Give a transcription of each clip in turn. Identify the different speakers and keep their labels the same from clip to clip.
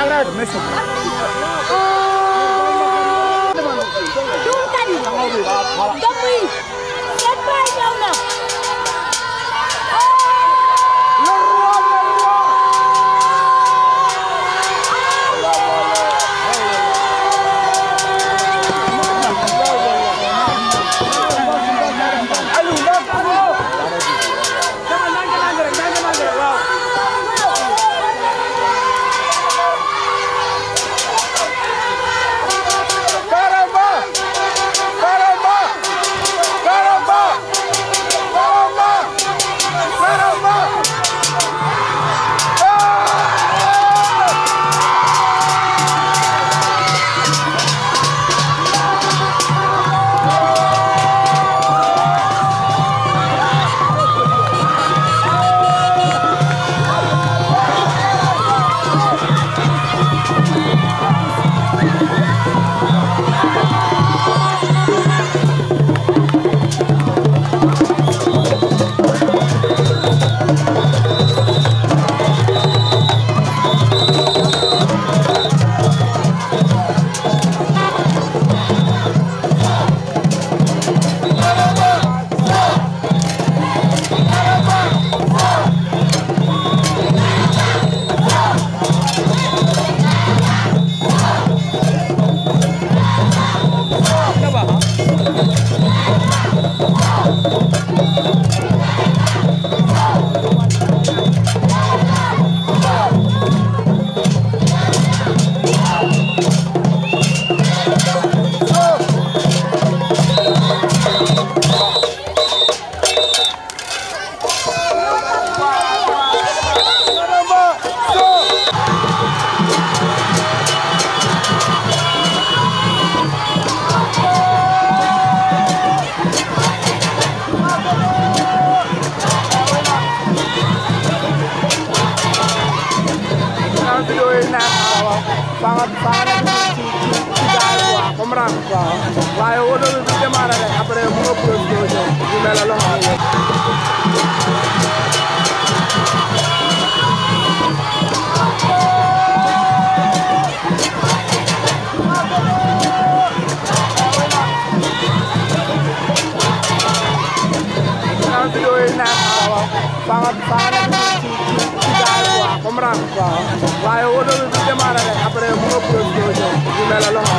Speaker 1: Instagram. Mesut. Thank you. bẹ́lẹ̀ lọ́wọ́ àwọn. waaye woto bi bu démarré rek après mu nga profité ñëw ñu mel la loxo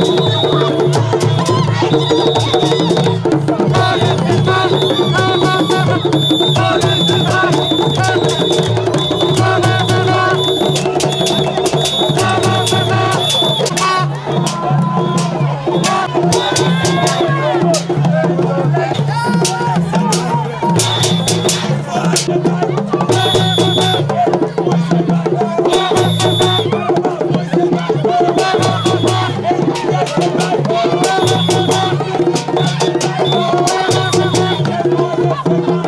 Speaker 1: Thank you.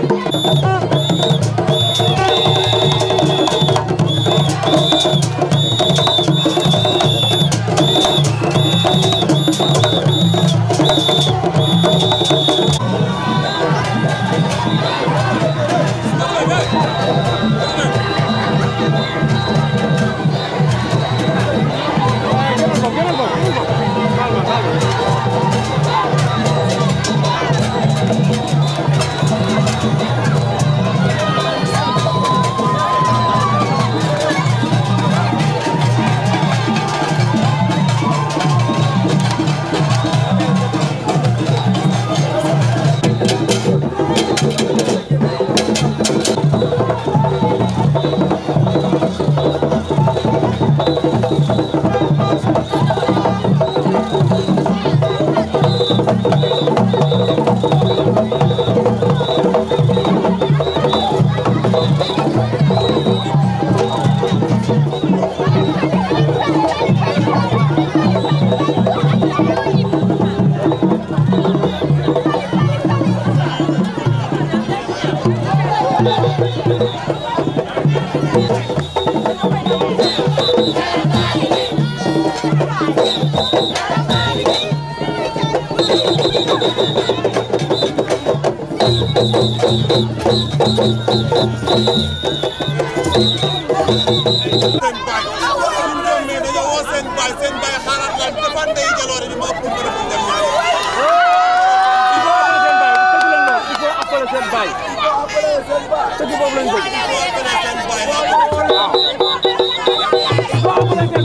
Speaker 1: boobu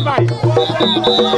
Speaker 1: lañ bëgg.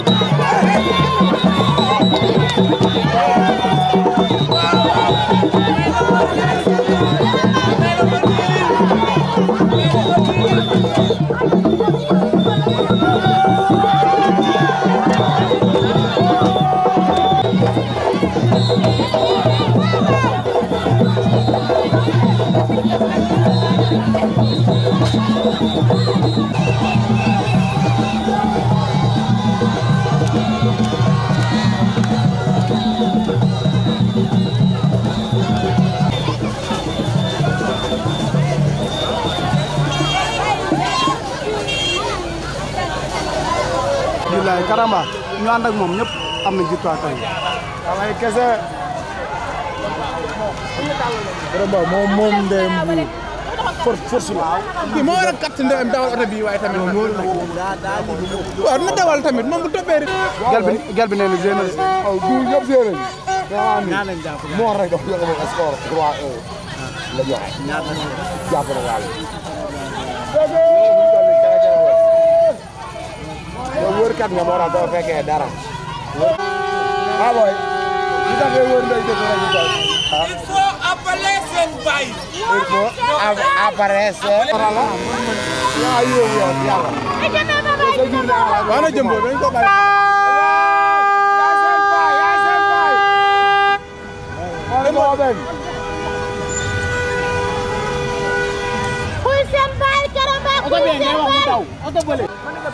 Speaker 1: Karamba ñu ànd ak moom ñëpp am na victoire tey. waaye moom moom ndeyam bu force moo war a kat ndeyam dawal oto bi waaye tamit. moom bu toppee. gel bi gel bi nee na séeréer. waaw waykat nga moo tax doo fekkee dara. ah booy. li tax ngay wër ndey dëkk rek il faut appeler seen baay. il faut appeler seen. waaw yow yow yàlla. waaw na jëm boobu dañ ko bàyyi. Kuy seen baay karamba kuy seen baay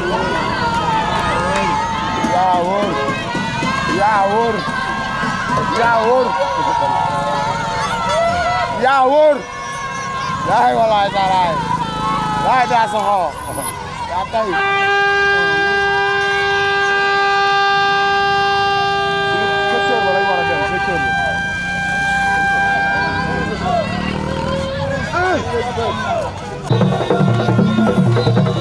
Speaker 1: yaa wóor yaa wóor yaa wóor yaa wóor laay walaay taalaay laay daa soxoo yaa tay Thank you.